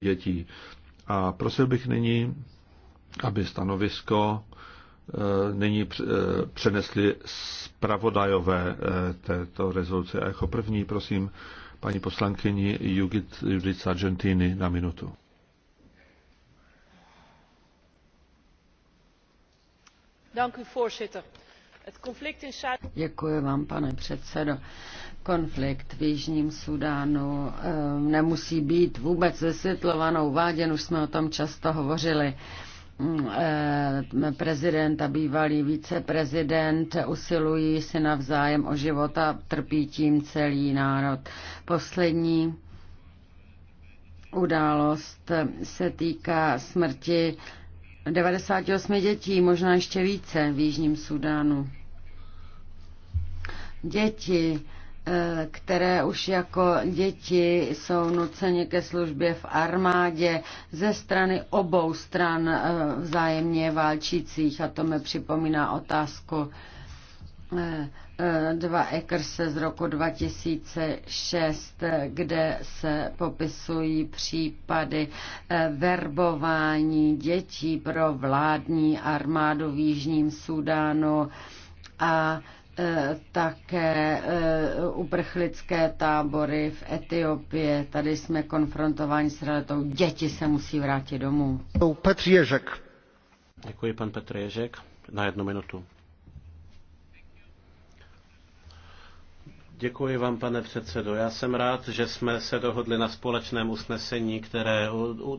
dětí. A prosil bych nyní, aby stanovisko eh, nyní eh, přenesli zpravodajové eh, této rezoluce. A jako první prosím paní poslankyni Judith, Judith Argentiny na minutu. Děkuji, voorzitter. Děkuji vám, pane předsedo. Konflikt v Jižním Sudánu eh, nemusí být vůbec vysvětlovan, uváděn, už jsme o tom často hovořili mm, eh, prezident a bývalý viceprezident usilují si navzájem o život a trpí tím celý národ. Poslední událost se týká smrti 98 dětí, možná ještě více v Jižním Sudánu. Děti, eh, které už jako děti jsou nuceni ke službě v armádě ze strany obou stran eh, vzájemně válčících. A to mi připomíná otázku eh, dva ekrse z roku 2006, kde se popisují případy eh, verbování dětí pro vládní armádu v Jižním Sudánu a eh, také eh, uprchlické tábory v Etiopii. Tady jsme konfrontováni s realitou. Děti se musí vrátit domů. Petr Ježek. Děkuji, pan Petr Ježek. Na jednu minutu. Děkuji vám, pane předsedo. Já jsem rád, že jsme se dohodli na společném usnesení, které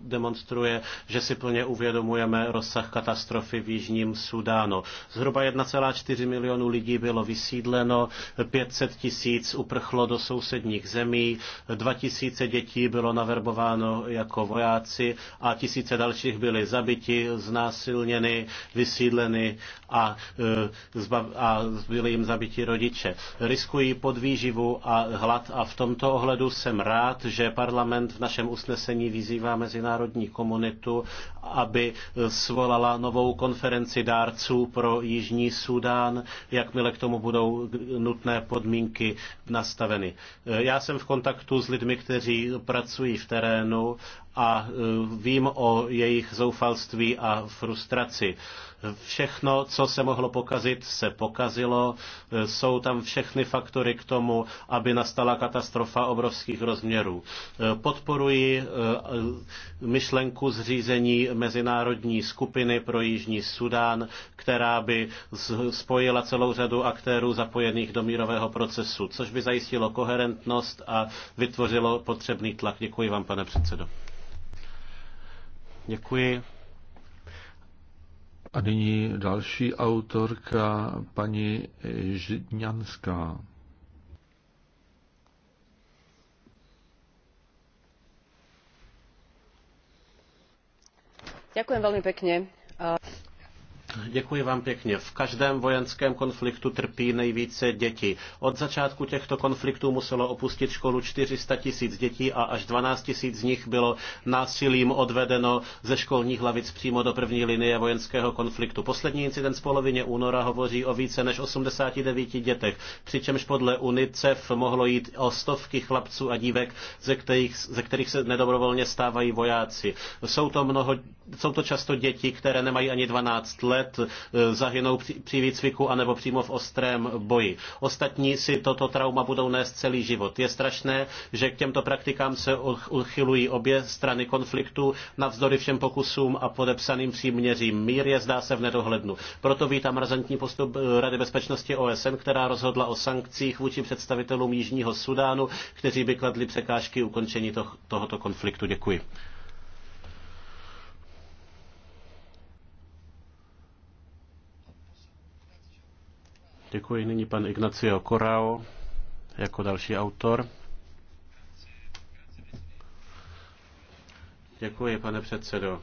demonstruje, že si plně uvědomujeme rozsah katastrofy v Jižním Sudánu. Zhruba 1,4 milionu lidí bylo vysídleno, 500 tisíc uprchlo do sousedních zemí, 2 tisíce dětí bylo naverbováno jako vojáci a tisíce dalších byly zabiti, znásilněny, vysídleny a, e, a byli jim zabiti rodiče. Riskují podví výživu a hlad a v tomto ohledu jsem rád, že parlament v našem usnesení vyzývá mezinárodní komunitu, aby svolala novou konferenci dárců pro Jižní Súdán, jakmile k tomu budou nutné podmínky nastaveny. Já jsem v kontaktu s lidmi, kteří pracují v terénu a eh, vím o jejich zoufalství a frustraci. Všechno, co se mohlo pokazit, se pokazilo. Eh, jsou tam všechny faktory k tomu, aby nastala katastrofa obrovských rozměrů. Eh, podporuji myšlenku zřízení mezinárodní skupiny pro Jižní Sudán, která by spojila celou řadu aktérů zapojených do mírového procesu, což by zajistilo koherentnost a vytvořilo potřebný tlak. Děkuji vám, pane předsedo. Děkuji. A nyní další autorka, paní Židňanská. Ďakujem veľmi pekne. Děkuji vám pěkně. V každém vojenském konfliktu trpí nejvíce děti. Od začátku těchto konfliktů muselo opustit školu 400 tisíc dětí a až 12 tisíc z nich bylo násilím odvedeno ze školních lavic přímo do první linie vojenského konfliktu. Poslední incident z polovině února hovoří o více než 89 dětech, přičemž podle UNICEF mohlo jít o stovky chlapců a dívek, ze kterých, ze kterých se nedobrovolně stávají vojáci. Jsou to, mnoho, jsou to často děti, které nemají ani 12 let let eh, zahynou při výcviku anebo přímo v ostrém boji. Ostatní si toto trauma budou nést celý život. Je strašné, že k těmto praktikám se uchylují obě strany konfliktu navzdory všem pokusům a podepsaným příměřím. Mír je zdá se v nedohlednu. Proto vítám razantní postup eh, Rady bezpečnosti OSN, která rozhodla o sankcích vůči představitelům Jižního Sudánu, kteří by kladli překážky ukončení tohoto konfliktu. Děkuji. Děkuji nyní pan Ignacio Corao jako další autor. Děkuji, pane předsedo.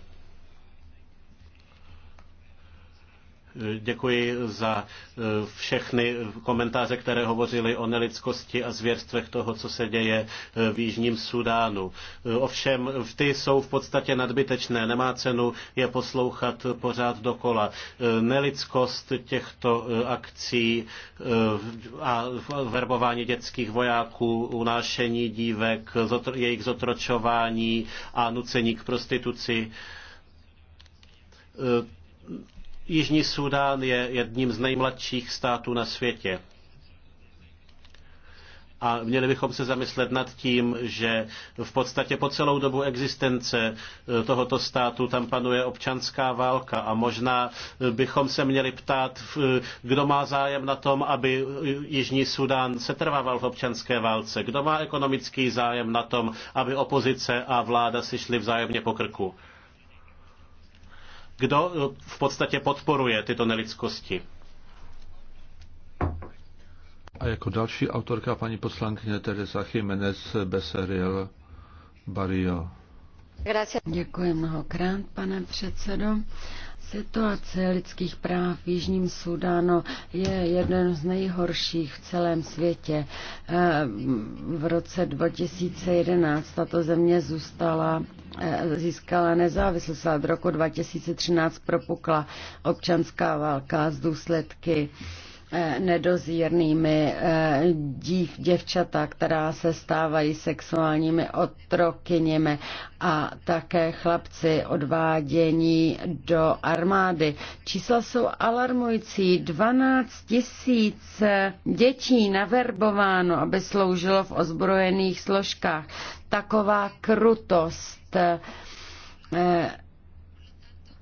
Děkuji za e, všechny komentáře, které hovořily o nelidskosti a zvěrstvech toho, co se děje e, v Jižním Sudánu. E, ovšem, ty jsou v podstatě nadbytečné. Nemá cenu je poslouchat pořád dokola. Nelidskost těchto akcí a verbování dětských vojáků, unášení dívek, jejich zotročování a nucení k prostituci Jižní Súdán je jedním z nejmladších států na světě. A měli bychom se zamyslet nad tím, že v podstatě po celou dobu existence eh, tohoto státu tam panuje občanská válka a možná eh, bychom se měli ptát, eh, kdo má zájem na tom, aby Jižní Sudán setrvával v občanské válce, kdo má ekonomický zájem na tom, aby opozice a vláda si šly vzájemně po krku kdo eh, v podstatě podporuje tyto nelidskosti. A jako další autorka paní poslankyně Teresa Jiménez Beseriel Barrio. Děkuji mnohokrát, pane předsedo. Situace lidských práv v Jižním Sudánu je jeden z nejhorších v celém světě. Eh, v roce 2011 tato země zůstala Eh, získala nezávislost a od roku 2013 propukla občanská válka s důsledky Eh, nedozírnými eh, dív, děvčata, která se stávají sexuálními otrokyněmi a také chlapci odvádění do armády. Čísla jsou alarmující. 12 tisíc dětí naverbováno, aby sloužilo v ozbrojených složkách. Taková krutost. Eh,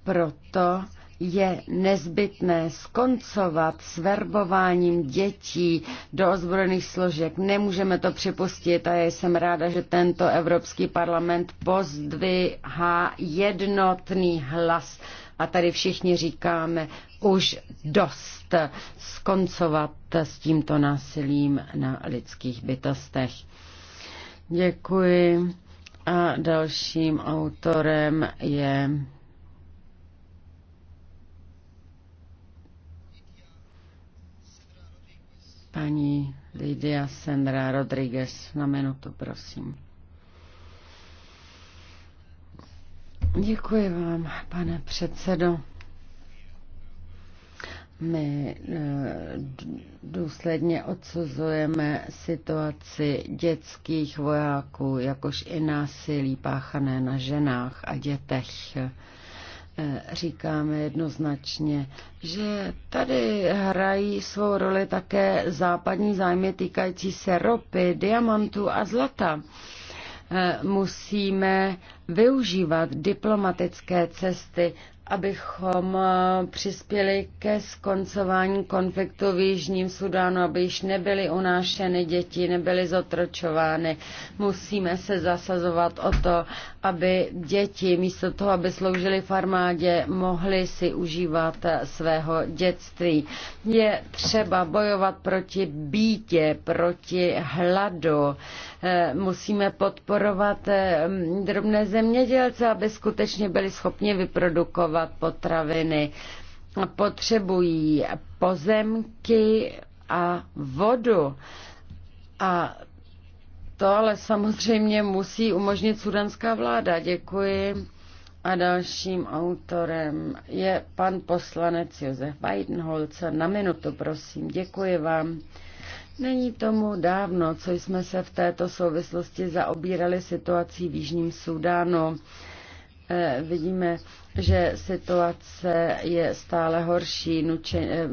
proto je nezbytné skoncovat s verbováním dětí do ozbrojených složek. Nemůžeme to připustit a já jsem ráda, že tento Evropský parlament pozdvihá jednotný hlas. A tady všichni říkáme už dost skoncovat s tímto násilím na lidských bytostech. Děkuji. A dalším autorem je Paní Lidia Sandra Rodriguez, na minutu, prosím. Děkuji vám, pane předsedo. My eh, důsledně odsuzujeme situaci dětských vojáků, jakož i násilí páchané na ženách a dětech. Eh, říkáme jednoznačně, že tady hrají svou roli také západní zájmy týkající se ropy, diamantů a zlata. Eh, musíme využívat diplomatické cesty, abychom eh, přispěli ke skoncování konfliktu v Jižním Sudánu, aby již nebyly unášeny děti, nebyly zotročovány. Musíme se zasazovat o to, aby děti místo toho, aby sloužily v armádě, mohly si užívat eh, svého dětství. Je třeba bojovat proti bítě, proti hladu. Eh, musíme podporovat drobné zemědělce, aby skutečně byli schopni vyprodukovat potraviny. Potřebují pozemky a vodu. A to ale samozřejmě musí umožnit sudanská vláda. Děkuji. A dalším autorem je pan poslanec Josef Weidenholzer. Na minutu, prosím. Děkuji vám. Není tomu dávno, co jsme se v této souvislosti zaobírali situací v Jižním Sudánu. Eh, vidíme, že situace je stále horší, nuče, eh,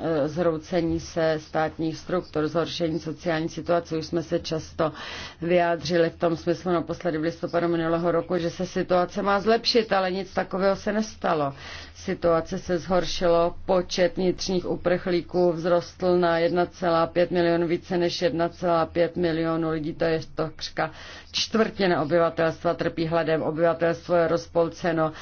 eh, zhroucení se státních struktur, zhoršení sociální situace. Už jsme se často vyjádřili v tom smyslu naposledy v listopadu minulého roku, že se situace má zlepšit, ale nic takového se nestalo situace se zhoršilo, počet vnitřních uprchlíků vzrostl na 1,5 milionu, více než 1,5 milionu lidí, to je to, křka. čtvrtina obyvatelstva trpí hladem, obyvatelstvo je rozpolceno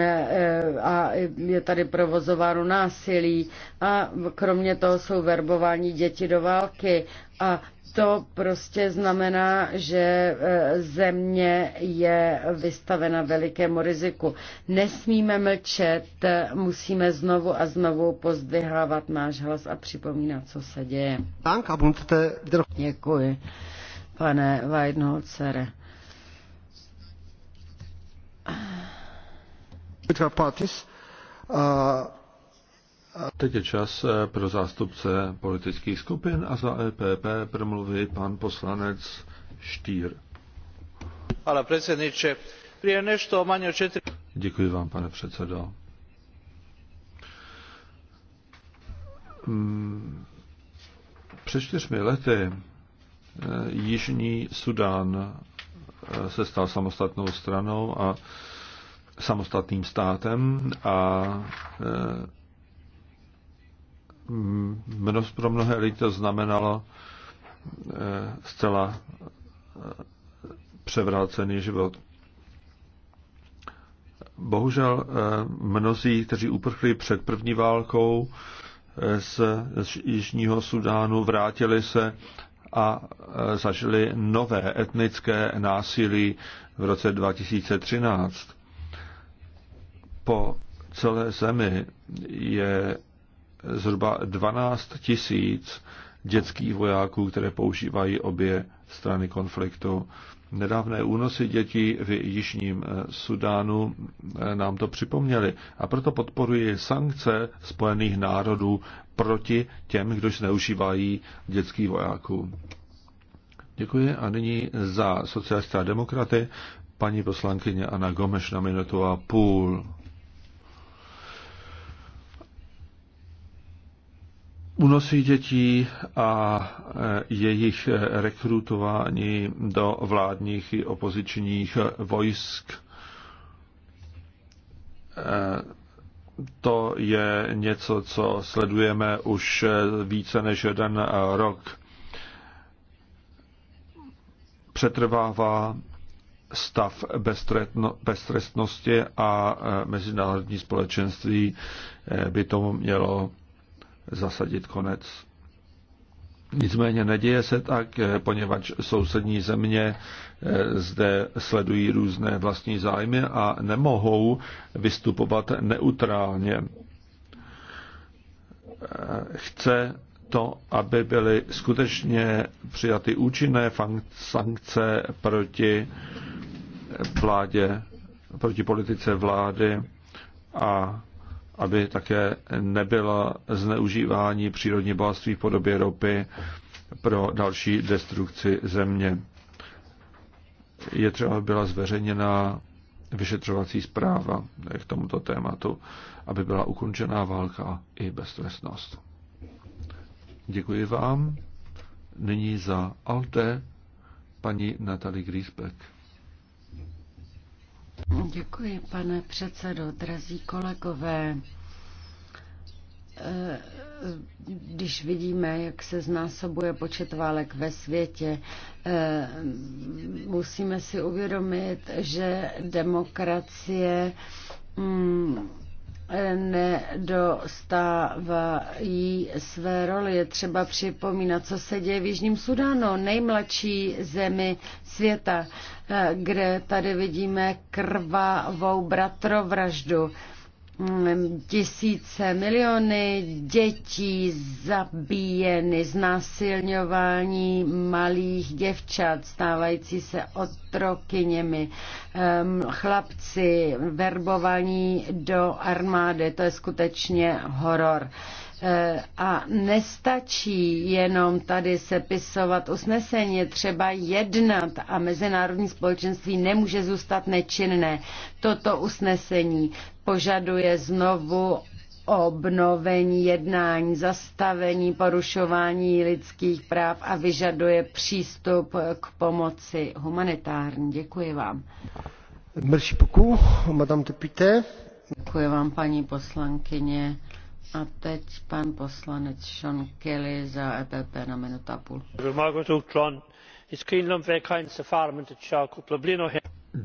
eh, eh, a je tady provozováno násilí a kromě toho jsou verbování děti do války a to prostě znamená, že e, země je vystavena velikému riziku. Nesmíme mlčet, musíme znovu a znovu pozdvihávat náš hlas a připomínat, co se děje. Děkuji, pane Weidenholzere. uh... A teď je čas eh, pro zástupce politických skupin a za EPP promluví pan poslanec Štýr. Pane předsedniče, Prije nešto manje od četiri... Děkuji vám, pane předsedo. Mm, před čtyřmi lety eh, Jižní Sudán eh, se stal samostatnou stranou a samostatným státem a pro mnohé lidi to znamenalo eh, zcela eh, převrácený život. Bohužel eh, mnozí, kteří uprchli před první válkou z, z Jižního Sudánu, vrátili se a zažili nové etnické násilí v roce 2013. Po celé zemi je zhruba 12 tisíc dětských vojáků, které používají obě strany konfliktu. Nedávné únosy dětí v Jižním eh, Sudánu eh, nám to připomněly a proto podporuji sankce Spojených národů proti těm, kdo zneužívají dětských vojáků. Děkuji a nyní za socialista demokraty paní poslankyně Ana Gomeš na minutu a půl. únosy dětí a e, jejich e, rekrutování do vládních i opozičních vojsk. E, to je něco, co sledujeme už více než jeden rok. Přetrvává stav beztrestnosti a mezinárodní společenství by tomu mělo zasadit konec. Nicméně neděje se tak, eh, poněvadž sousední země eh, zde sledují různé vlastní zájmy a nemohou vystupovat neutrálně. Eh, chce to, aby byly skutečně přijaty účinné sankce proti vládě, proti politice vlády a aby také nebyla zneužívání přírodní bohatství v podobě ropy pro další destrukci země. Je třeba byla zveřejněna vyšetřovací zpráva k tomuto tématu, aby byla ukončená válka i beztrestnost. Děkuji vám. Nyní za Alte paní Natalie Griesbeck. Děkuji, pane předsedo, drazí kolegové. Eh, když vidíme, jak se znásobuje počet válek ve světě, eh, musíme si uvědomit, že demokracie mm, nedostávají své roli. Je třeba připomínat, co se děje v Jižním Sudánu, nejmladší zemi světa, kde tady vidíme krvavou bratrovraždu. Mm, tisíce, miliony dětí zabíjeny, znásilňování malých děvčat, stávající se otrokyněmi, chlapci verbovaní do armády, to je skutečně horor. E, a nestačí jenom tady sepisovat usnesení, třeba jednat a mezinárodní společenství nemůže zůstat nečinné. Toto usnesení požaduje znovu obnovení jednání, zastavení porušování lidských práv a vyžaduje přístup k pomoci humanitární. Děkuji vám. Merci beaucoup, madame Tepité. Děkuji vám, paní poslankyně. A teď pan poslanec Sean Kelly za EPP na minutu a půl.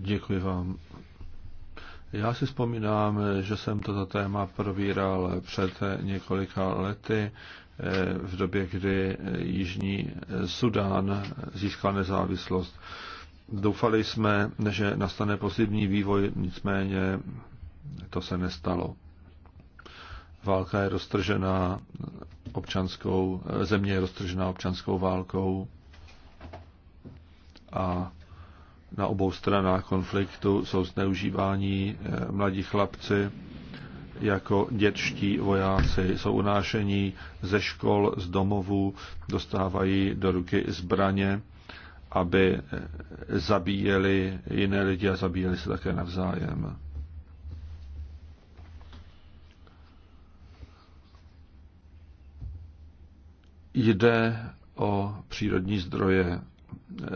Děkuji vám. Já si vzpomínám, že jsem toto téma probíral před několika lety eh, v době, kdy Jižní Sudán získal nezávislost. Doufali jsme, že nastane pozitivní vývoj, nicméně to se nestalo válka je roztržená občanskou, země je roztržená občanskou válkou a na obou stranách konfliktu jsou zneužívání eh, mladí chlapci jako dětští vojáci. Jsou unášení ze škol, z domovů, dostávají do ruky zbraně, aby eh, zabíjeli jiné lidi a zabíjeli se také navzájem. Jde o přírodní zdroje,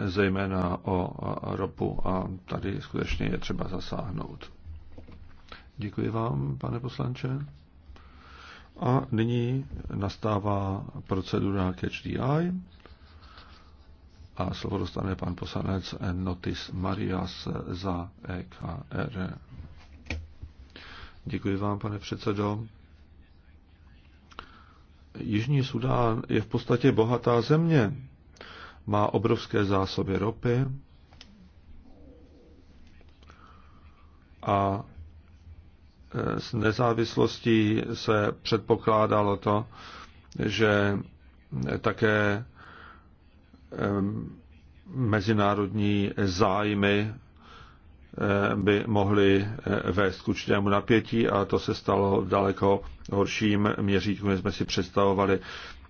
zejména o ropu a tady skutečně je třeba zasáhnout. Děkuji vám, pane poslanče. A nyní nastává procedura Catch the Eye a slovo dostane pan poslanec Notis Marias za EKR. Děkuji vám, pane předsedo. Jižní Sudán je v podstatě bohatá země. Má obrovské zásoby ropy a e, s nezávislostí se předpokládalo to, že e, také e, mezinárodní zájmy by mohly eh, vést k určitému napětí a to se stalo v daleko horším měřítku, než jsme si představovali.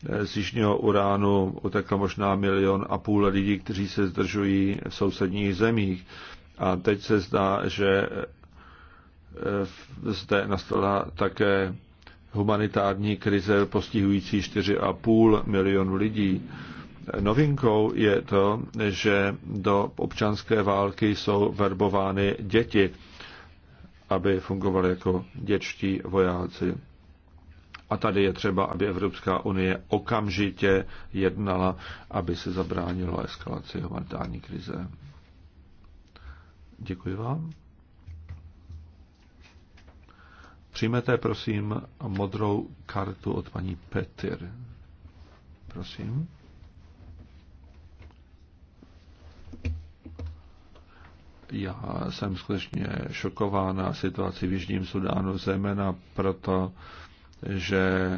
Eh, z jižního uránu utekl možná milion a půl lidí, kteří se zdržují v sousedních zemích. A teď se zdá, že eh, zde nastala také humanitární krize postihující 4,5 milionu lidí. Novinkou je to, že do občanské války jsou verbovány děti, aby fungovaly jako dětští vojáci. A tady je třeba, aby Evropská unie okamžitě jednala, aby se zabránilo eskalaci humanitární krize. Děkuji vám. Přijmete, prosím, modrou kartu od paní Petr. Prosím. Já jsem skutečně šokována situací v Jižním Sudánu, zejména proto, že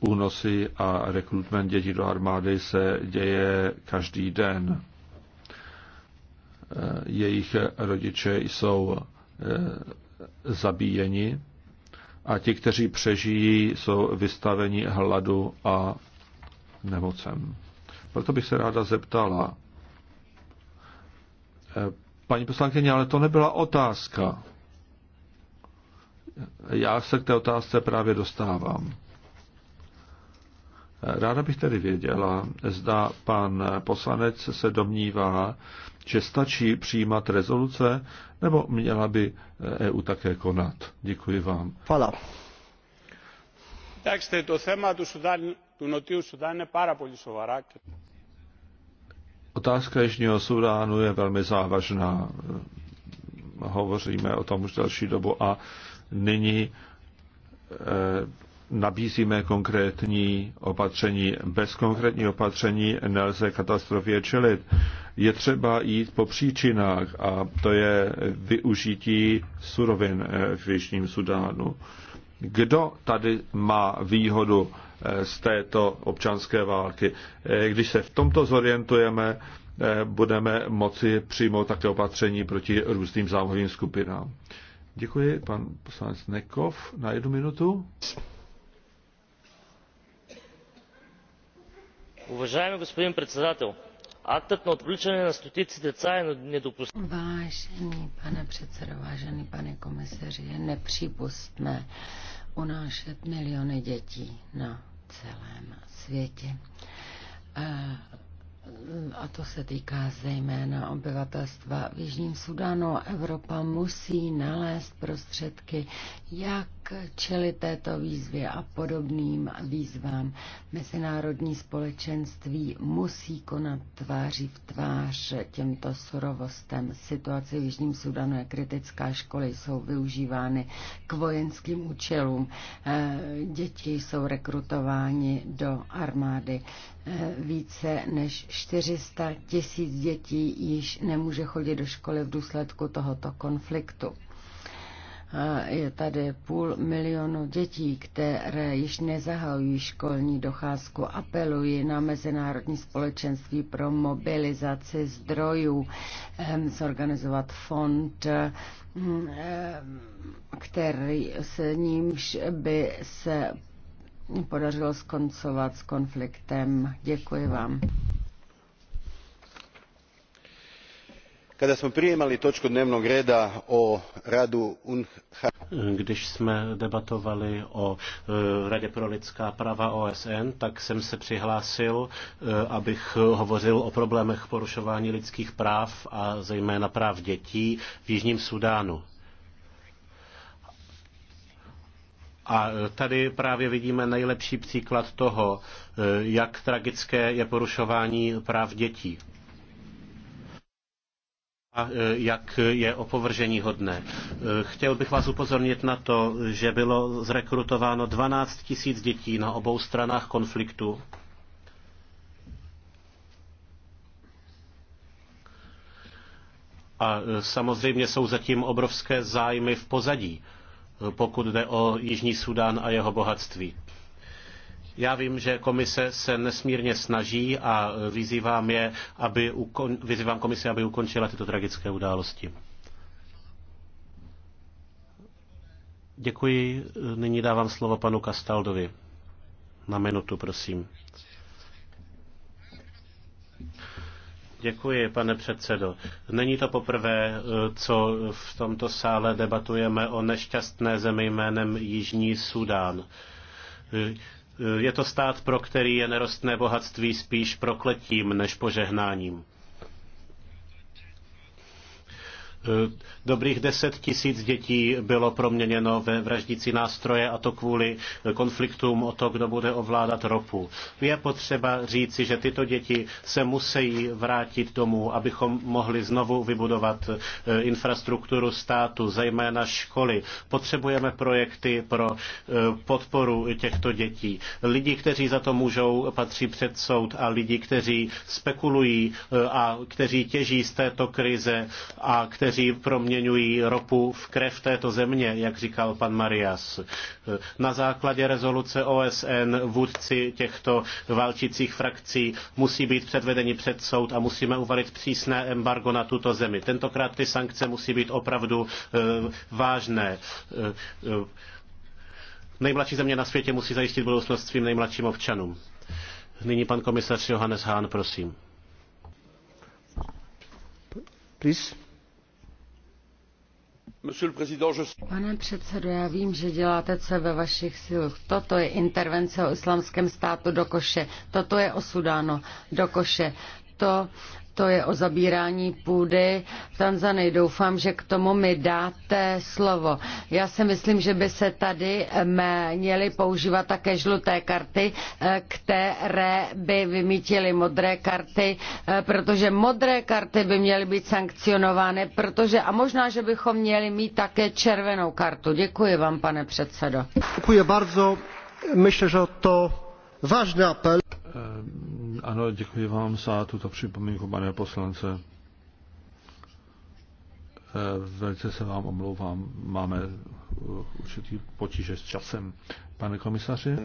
únosy a rekrutment dětí do armády se děje každý den. Jejich rodiče jsou e, zabíjeni a ti, kteří přežijí, jsou vystaveni hladu a nemocem. Proto bych se ráda zeptala, e, Paní poslankyně, ale to nebyla otázka. Já se k té otázce právě dostávám. Ráda bych tedy věděla, zda pan poslanec se domnívá, že stačí přijímat rezoluce, nebo měla by EU také konat. Děkuji vám. Fala. Tak jste to téma tu Sudan, tu notiu Sudan je πολύ σοβαρά. Otázka Jižního Sudánu je velmi závažná. Hovoříme o tom už další dobu a nyní eh, nabízíme konkrétní opatření. Bez konkrétní opatření nelze katastrofě čelit. Je třeba jít po příčinách a to je využití surovin eh, v Jižním Sudánu. Kdo tady má výhodu? z této občanské války. Když se v tomto zorientujeme, budeme moci přijmout také opatření proti různým zámovým skupinám. Děkuji, pan poslanec Nekov, na jednu minutu. Уважаеми господин председател, актът на отвличане на стотици деца е недопустим. Vážený пане председател, уважени пане комисари, je nepřípustné unášet милиони dětí на celém světě. Eh, a to se týká zejména obyvatelstva v Jižním Sudánu. Evropa musí nalézt prostředky, jak čelit této výzvě a podobným výzvám. Mezinárodní společenství musí konat tváří v tvář těmto surovostem. Situace v Jižním Sudanu je kritická, školy jsou využívány k vojenským účelům, eh, děti jsou rekrutováni do armády. Více než 400 tisíc dětí již nemůže chodit do školy v důsledku tohoto konfliktu. Je tady půl milionu dětí, které již nezahajují školní docházku. Apelují na mezinárodní společenství pro mobilizaci zdrojů, ehm, zorganizovat fond, ehm, ehm, který se nímž by se podařilo skoncovat s konfliktem. Děkuji vám. o když jsme debatovali o e, Radě pro lidská práva OSN, tak jsem se přihlásil, e, abych hovořil o problémech porušování lidských práv a zejména práv dětí v Jižním Sudánu. A tady právě vidíme nejlepší příklad toho, eh, jak tragické je porušování práv dětí a eh, jak je opovržení hodné. Eh, chtěl bych vás upozornit na to, že bylo zrekrutováno 12 tisíc dětí na obou stranách konfliktu. A samozřejmě jsou zatím obrovské zájmy v pozadí pokud jde o Jižní Súdán a jeho bohatství. Já vím, že komise se nesmírně snaží a vyzývám, je, aby ukon, vyzývám komisi, aby ukončila tyto tragické události. Děkuji. Nyní dávám slovo panu Kastaldovi. Na minutu, prosím. Děkuji, pane předsedo. Není to poprvé, eh, co v tomto sále debatujeme o nešťastné zemi jménem Jižní Sudán. Eh, je to stát, pro který je nerostné bohatství spíš prokletím než požehnáním. Eh, dobrých 10 tisíc dětí bylo proměněno ve vraždící nástroje a to kvůli konfliktům o to, kdo bude ovládat ropu. Je potřeba říci, že tyto děti se musí vrátit domů, abychom mohli znovu vybudovat eh, infrastrukturu státu, zejména školy. Potřebujeme projekty pro eh, podporu těchto dětí. Lidi, kteří za to můžou, patří před soud a lidi, kteří spekulují a kteří těží z této krize a kteří kteří proměňují ropu v krev této země, jak říkal pan Marias. Na základě rezoluce OSN vůdci těchto válčících frakcí musí být předvedeni před soud a musíme uvalit přísné embargo na tuto zemi. Tentokrát ty sankce musí být opravdu eh, vážné eh, nejmladší země na světě musí zajistit budoucnost svým nejmladším občanům. Nyní pan komisař Johannes Hahn, prosím. Please. Pane předsedo, já vím, že děláte, co ve vašich silách. Toto je intervence o islamském státu do koše. Toto je osudáno do koše to, to je o zabírání půdy v Tanzanii. Doufám, že k tomu mi dáte slovo. Já si myslím, že by se tady eh, měly používat také žluté karty, eh, které by vymítily modré karty, eh, protože modré karty by měly být sankcionovány, protože a možná, že bychom měli mít také červenou kartu. Děkuji vám, pane předsedo. Děkuji bardzo. Myślę, že to vážný apel. Ano, děkuji vám za tuto připomínku, pane poslance. Eh, velice se vám omlouvám, máme eh, určitý potíže s časem. Pane komisaři?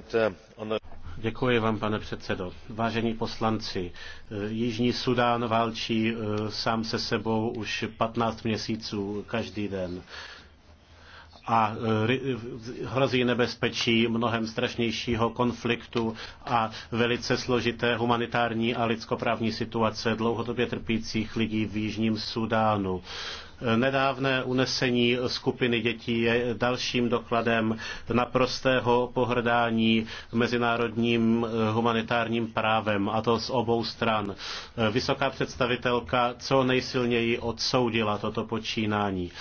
Děkuji vám, pane předsedo. Vážení poslanci, eh, Jižní Sudán válčí sám se sebou už 15 měsíců každý den a e, hrozí nebezpečí mnohem strašnějšího konfliktu a velice složité humanitární a lidskoprávní situace dlouhodobě trpících lidí v Jižním Sudánu. E, nedávné unesení skupiny dětí je dalším dokladem naprostého pohrdání mezinárodním e, humanitárním právem, a to z obou stran. Vysoká představitelka co nejsilněji odsoudila toto počínání.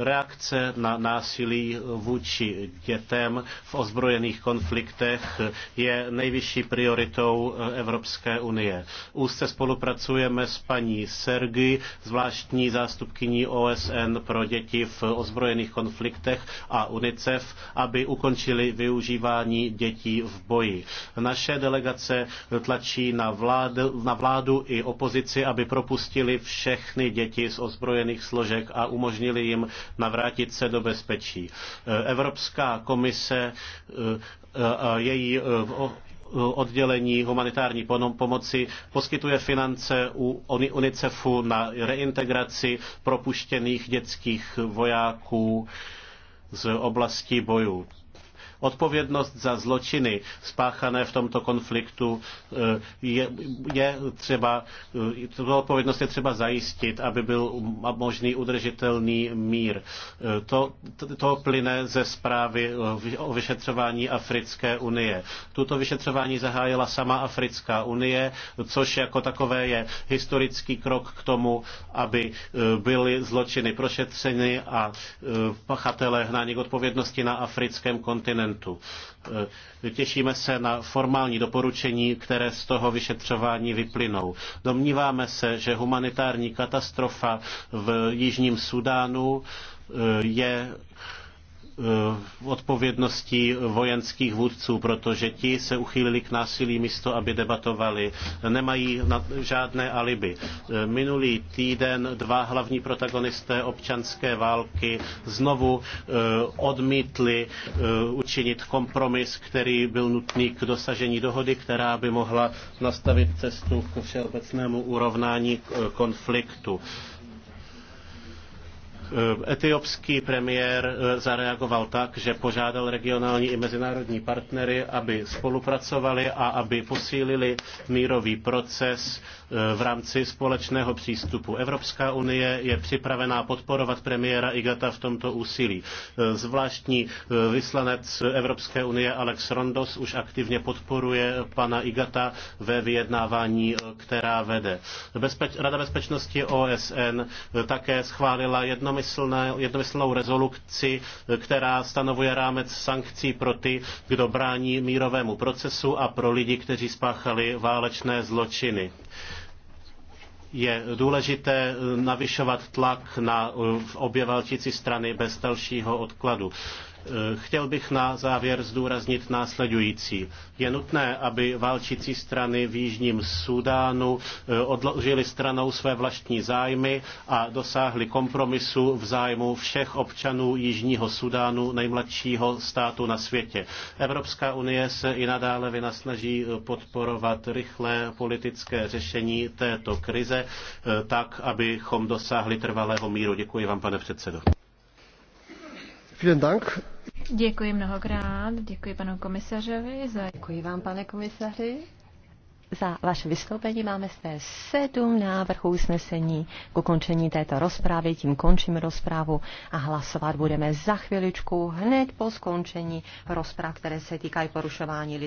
Reakce na násilí vůči dětem v ozbrojených konfliktech je nejvyšší prioritou Evropské unie. Úzce spolupracujeme s paní Sergi, zvláštní zástupkyní OSN pro děti v ozbrojených konfliktech a UNICEF, aby ukončili využívání dětí v boji. Naše delegace tlačí na vládu, na vládu i opozici, aby propustili všechny děti z ozbrojených složek a umožnili jim jim navrátit se do bezpečí. Eh, Evropská komise eh, a její eh, oddělení humanitární pomoci poskytuje finance u UNICEFu na reintegraci propuštěných dětských vojáků z oblasti bojů. Odpovědnost za zločiny spáchané v tomto konfliktu eh, je, je třeba, eh, tuto odpovědnost je třeba zajistit, aby byl možný udržitelný mír. Eh, to, to, to plyne ze zprávy o vyšetřování Africké unie. Tuto vyšetřování zahájila sama Africká unie, což jako takové je historický krok k tomu, aby byly zločiny prošetřeny a pachatelé hnáni k odpovědnosti na africkém kontinentu parlamentu. E, těšíme se na formální doporučení, které z toho vyšetřování vyplynou. Domníváme se, že humanitární katastrofa v Jižním Sudánu e, je Eh, odpovědností vojenských vůdců, protože ti se uchýlili k násilí místo, aby debatovali. Nemají žádné alibi. Eh, minulý týden dva hlavní protagonisté občanské války znovu eh, odmítli učinit kompromis, který byl nutný k dosažení dohody, která by mohla nastavit cestu k všeobecnému urovnání konfliktu. Eh, etiopský premiér eh, zareagoval tak, že požádal regionální i mezinárodní partnery, aby spolupracovali a aby posílili mírový proces eh, v rámci společného přístupu. Evropská unie je připravená podporovat premiéra Igata v tomto úsilí. Zvláštní vyslanec Evropské unie Alex Rondos už aktivně podporuje pana Igata ve vyjednávání, která vede. Rada bezpečnosti OSN také schválila jednom jednomyslnou rezoluci, která stanovuje rámec sankcí pro ty, kdo brání mírovému procesu a pro lidi, kteří spáchali válečné zločiny je důležité navyšovat tlak na obě válčící strany bez dalšího odkladu. Eh, chtěl bych na závěr zdůraznit následující. Je nutné, aby válčící strany v Jižním Súdánu eh, odložili stranou své vlastní zájmy a dosáhli kompromisu v zájmu všech občanů Jižního Súdánu, nejmladšího státu na světě. Evropská unie se i nadále vynasnaží eh, podporovat rychlé politické řešení této krize, tak, abychom dosáhli trvalého míru. Děkuji vám, pane předsedo. Vielen Dank. Děkuji mnohokrát, děkuji panu komisařovi. Za... Děkuji vám, pane komisaři. Za vaše vystoupení máme zde sedm návrhů usnesení k ukončení této rozprávy. Tím končím rozprávu a hlasovat budeme za chviličku hned po skončení rozpráv, které se týkají porušování lidí.